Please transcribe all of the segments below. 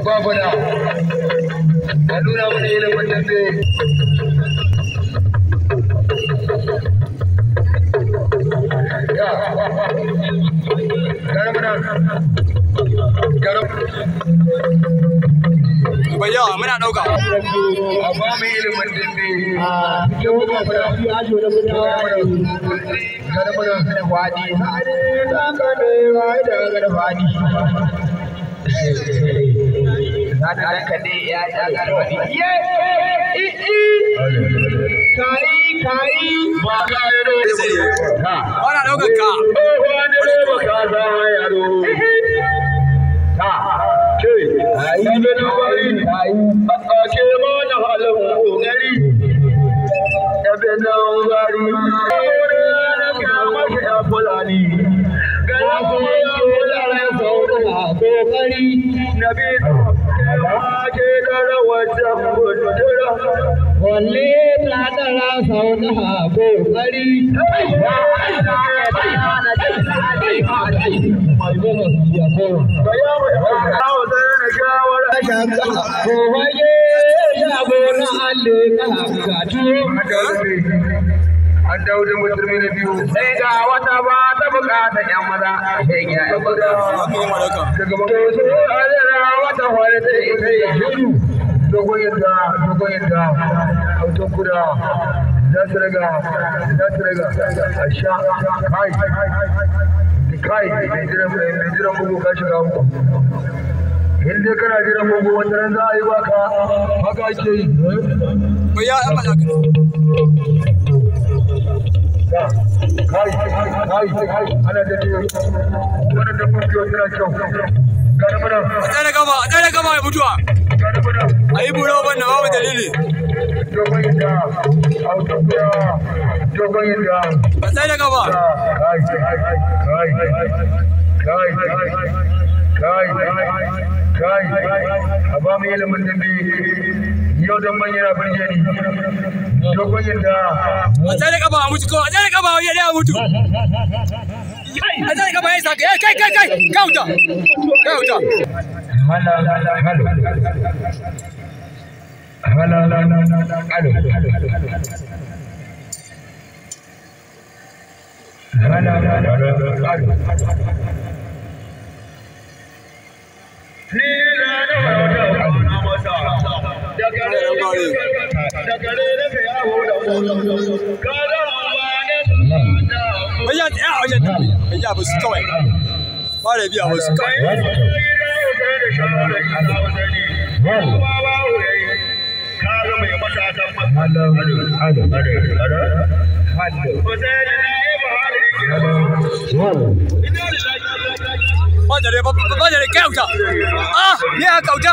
ba mana ka mana ilimin dambe na garam dauka amma mun wadi ka wai da kada dan ka dai ya ya ye i i ba ka ka wani ka za ke a ke na halin ka ma ke fulani ga kuma ya za ra sauro kadara wata kudura walle kadara sau da kokari Kowaye ya bona Allah ka har daudin musulmi na biyu sai ga wata ba ta bukata yan maza sai ya yi buga shugaban kai su azara wata hore sai ita ya shiru dogon yadda dogon yadda hoton kuda za su raga za su raga a sha kai kai mai jiran gugu ka shiga uku in dai kana jiran gugu wata ran za a yi baka haka ake yi hai hai hai ana da wannan da kuma yana kyau ya mutuwa ayi buro wannan babu ba tsare a ba ilimin da Dia dah banyak dah berjaya ni. Dia banyak dah. Macam mana kabar? Mujuk kau. Macam mana kabar? dia mujuk. Macam mana kabar? Esok. Eh, kai, kai, Kau dah. Kau dah. Halo, halo, halo. Halo, halo, halo, halo, halo. Halo, halo, halo, halo, halo. bây giờ ya tsaya bây giờ nan bai ya ba su kawai ba da biya ba su kawai Ba da ba ba da kyauta. Ah, ne ya kyauta.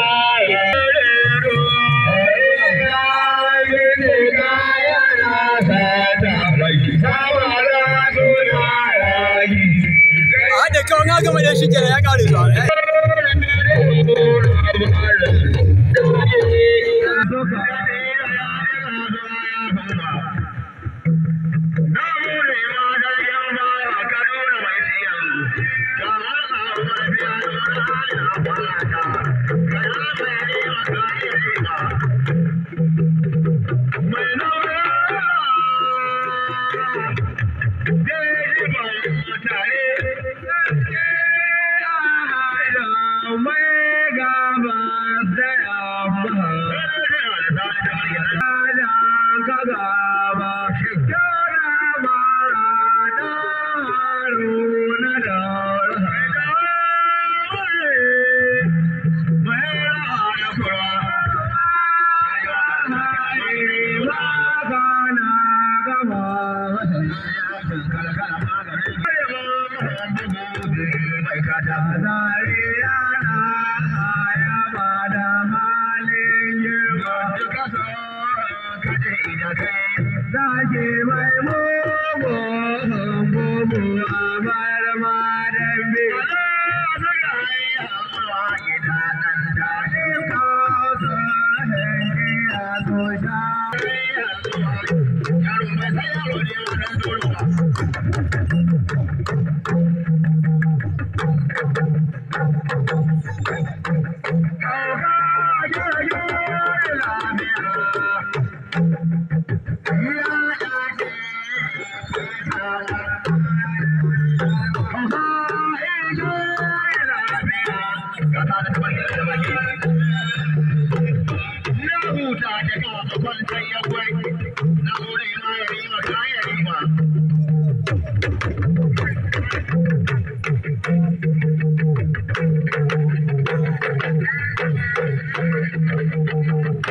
na gama da shi kenan ya kare su Thank you. no man.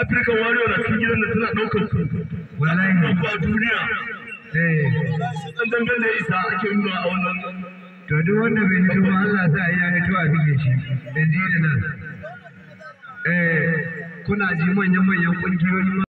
Afirka wariyo na cikin gidan da suna ɗaukar su. Wallahi. Ku a duniya. Eh. Ɗan dangane isa ake yi a wannan. To duk wanda bai hito ba Allah sa ya hito a bige shi. In ji da nan. Eh. Kuna ji manyan manyan ƙungiyoyi